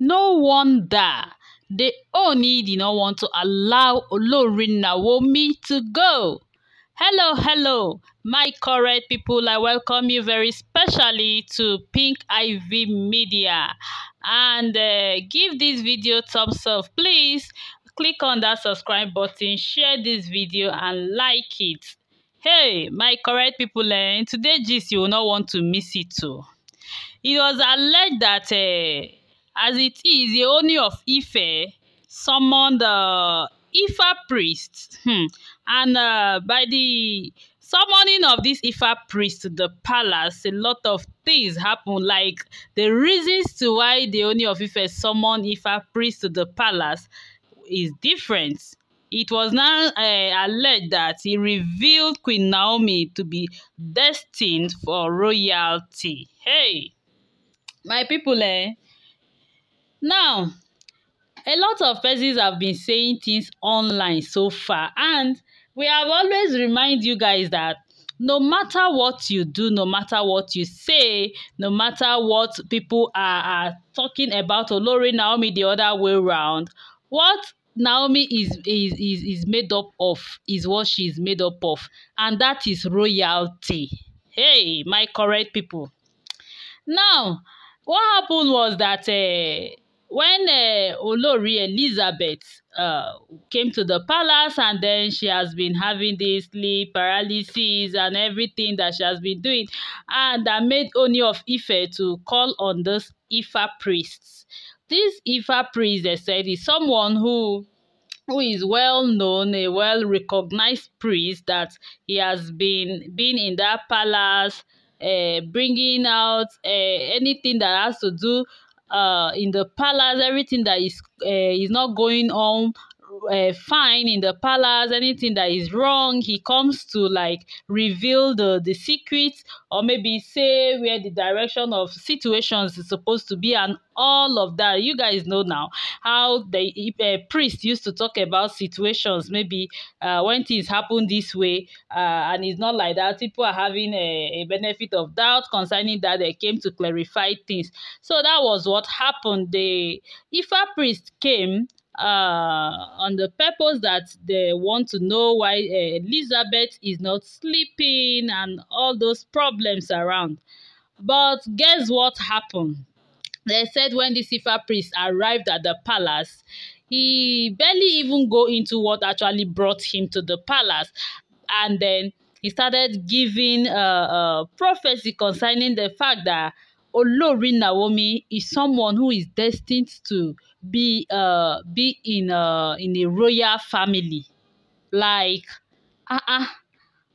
No wonder the Oni did not want to allow Olori me to go. Hello, hello, my correct people. I welcome you very specially to Pink IV Media and uh, give this video thumbs up, please. Click on that subscribe button, share this video, and like it. Hey, my correct people, uh, eh, today, gist, you will not want to miss it too. It was alleged that. Uh, as it is, the owner of Ife summoned the uh, Ifa priests. Hmm. And uh, by the summoning of this Ifa priest to the palace, a lot of things happened, like the reasons to why the owner of Ife summoned Ifa priest to the palace is different. It was now uh, alleged that he revealed Queen Naomi to be destined for royalty. Hey, my people, eh? now a lot of persons have been saying things online so far and we have always remind you guys that no matter what you do no matter what you say no matter what people are, are talking about olori naomi the other way round what naomi is, is is is made up of is what she is made up of and that is royalty hey my correct people now what happened was that uh, when uh, Olori Elizabeth uh, came to the palace and then she has been having this sleep paralysis and everything that she has been doing and that made Oni of Ife to call on those Ifa priests. This Ifa priest, they said, is someone who who is well known, a well recognized priest that he has been been in that palace, uh, bringing out uh, anything that has to do uh, in the palace, everything that is uh, is not going on uh, fine in the palace, anything that is wrong, he comes to like reveal the the secrets or maybe say where the direction of situations is supposed to be and all of that. You guys know now how the uh, priest used to talk about situations. Maybe uh, when things happen this way uh, and it's not like that, people are having a, a benefit of doubt concerning that. They came to clarify things. So that was what happened. The Ifa priest came uh, on the purpose that they want to know why uh, Elizabeth is not sleeping and all those problems around. But guess what happened? They said when the Sifa priest arrived at the palace, he barely even go into what actually brought him to the palace. And then he started giving a, uh, a uh, prophecy concerning the fact that Olori Naomi is someone who is destined to be uh, be in uh, in a royal family like ah ah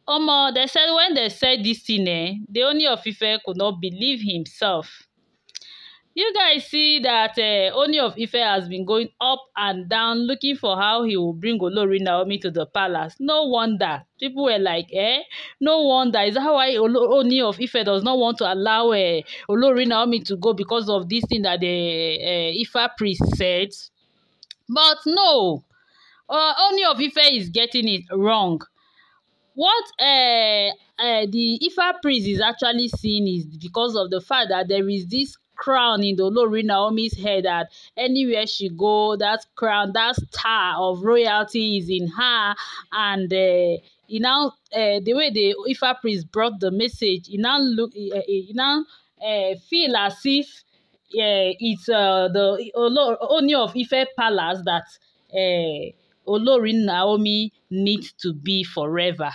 omo they said when they said this thing eh the only of Ife could not believe himself You guys see that uh, eh, Oni of Ife has been going up and down looking for how he will bring Olori Naomi to the palace. No wonder. People were like, eh? No wonder. Is that why Oni of Ife does not want to allow uh, Olori Naomi to go because of this thing that the uh, Ifa priest said? But no. Uh, Oni of Ife is getting it wrong what uh, uh, the Ifa priest is actually seeing is because of the fact that there is this crown in Lori Naomi's head that anywhere she go, that crown, that star of royalty is in her. And uh, you now, uh, the way the Ifa priest brought the message, you now look, uh, you now uh, feel as if uh, it's uh, the only of Ife Palace that uh, Olori Naomi needs to be forever.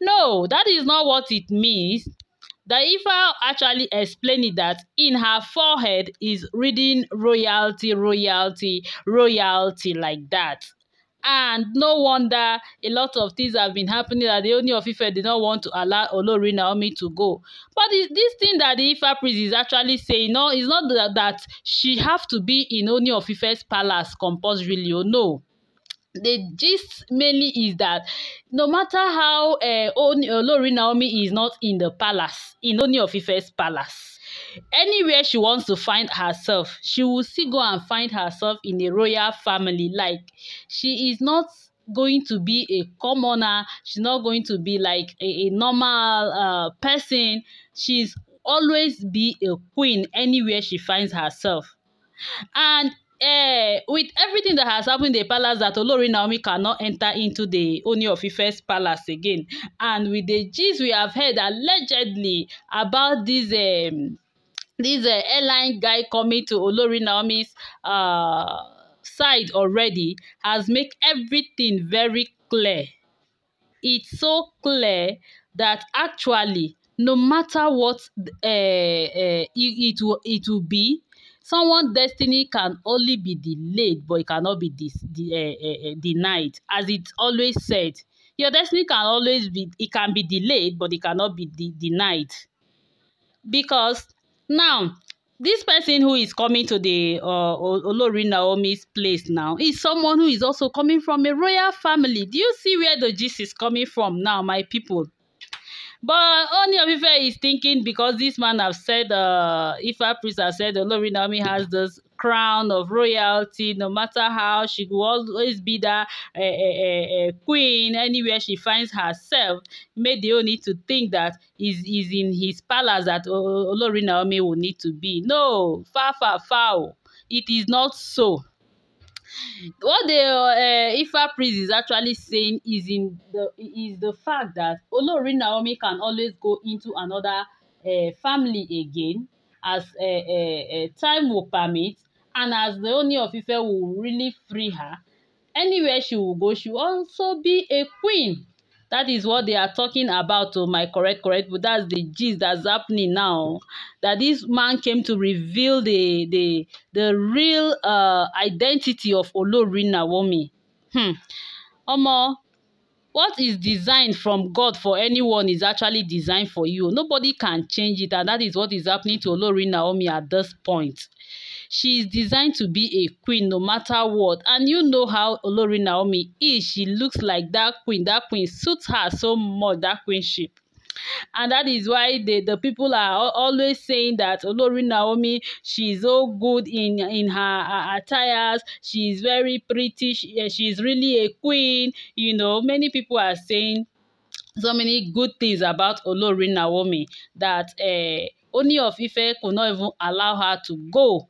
No, that is not what it means. The Dheifa actually explaining that in her forehead is reading "royalty royalty royalty" like that. And no wonder a lot of things have been happening that the only of Ife did not want to allow Olori Naomi to go. But this thing that the Ifa priest is actually saying, no, it's not that, that she have to be in only of Ife's palace compulsorily, oh no the gist mainly is that no matter how uh, eh, Olori Naomi is not in the palace, in Ooni of Ife's palace, anywhere she wants to find herself, she will still go and find herself in a royal family. Like, she is not going to be a commoner. She's not going to be like a, a normal uh, person. She's always be a queen anywhere she finds herself. And Eh, with everything that has happened in the palace that Olori Naomi cannot enter into the Oni of Ife's palace again. And with the gist we have heard allegedly about this um, this uh, airline guy coming to Olori Naomi's uh, side already has made everything very clear. It's so clear that actually no matter what uh, uh, it, it, will, it will be Someone' destiny can only be delayed but it cannot be dis de- uh, uh, eh, eh, denied as it's always said your destiny can always be it can be delayed but it cannot be de- denied because now this person who is coming to the uh, Olori Naomi's place now is someone who is also coming from a royal family. Do you see where the gist is coming from now, my people? But only of Ife is thinking because this man have said, uh, a priest has said, Olori Naomi has this crown of royalty. No matter how she will always be that uh, eh, uh, eh, uh, eh, queen anywhere she finds herself. May they only to think that is is in his palace that Olori Naomi will need to be. No, far far far. It is not so. What the uh, Ifa priest is actually saying is in the is the fact that Olori Naomi can always go into another uh, family again as uh, uh, uh, time will permit and as the only of Ife will really free her anywhere she will go she will also be a queen that is what they are talking about oh my correct correct but that's the gist that's happening now that this man came to reveal the the the real uh, identity of Olori Naomi hmm. omo what is designed from God for anyone is actually designed for you. Nobody can change it, and that is what is happening to Olori Naomi at this point. She is designed to be a queen no matter what, and you know how Olori Naomi is. She looks like that queen. That queen suits her so much, that queenship and that is why the the people are always saying that Olori Naomi she is so good in in her, her attires she is very pretty she, she is really a queen you know many people are saying so many good things about Olori Naomi that uh, Ooni of Ife could not even allow her to go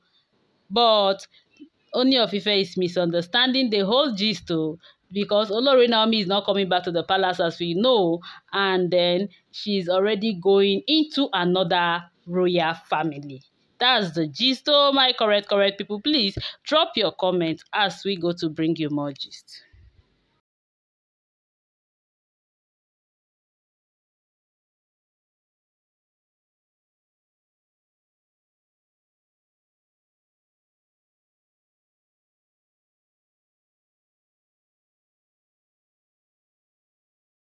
but Ooni of Ife is misunderstanding the whole gist o because Olori Naomi is not coming back to the palace as we know, and then she's already going into another royal family. That's the gist. Oh, my correct, correct people, please drop your comments as we go to bring you more gist.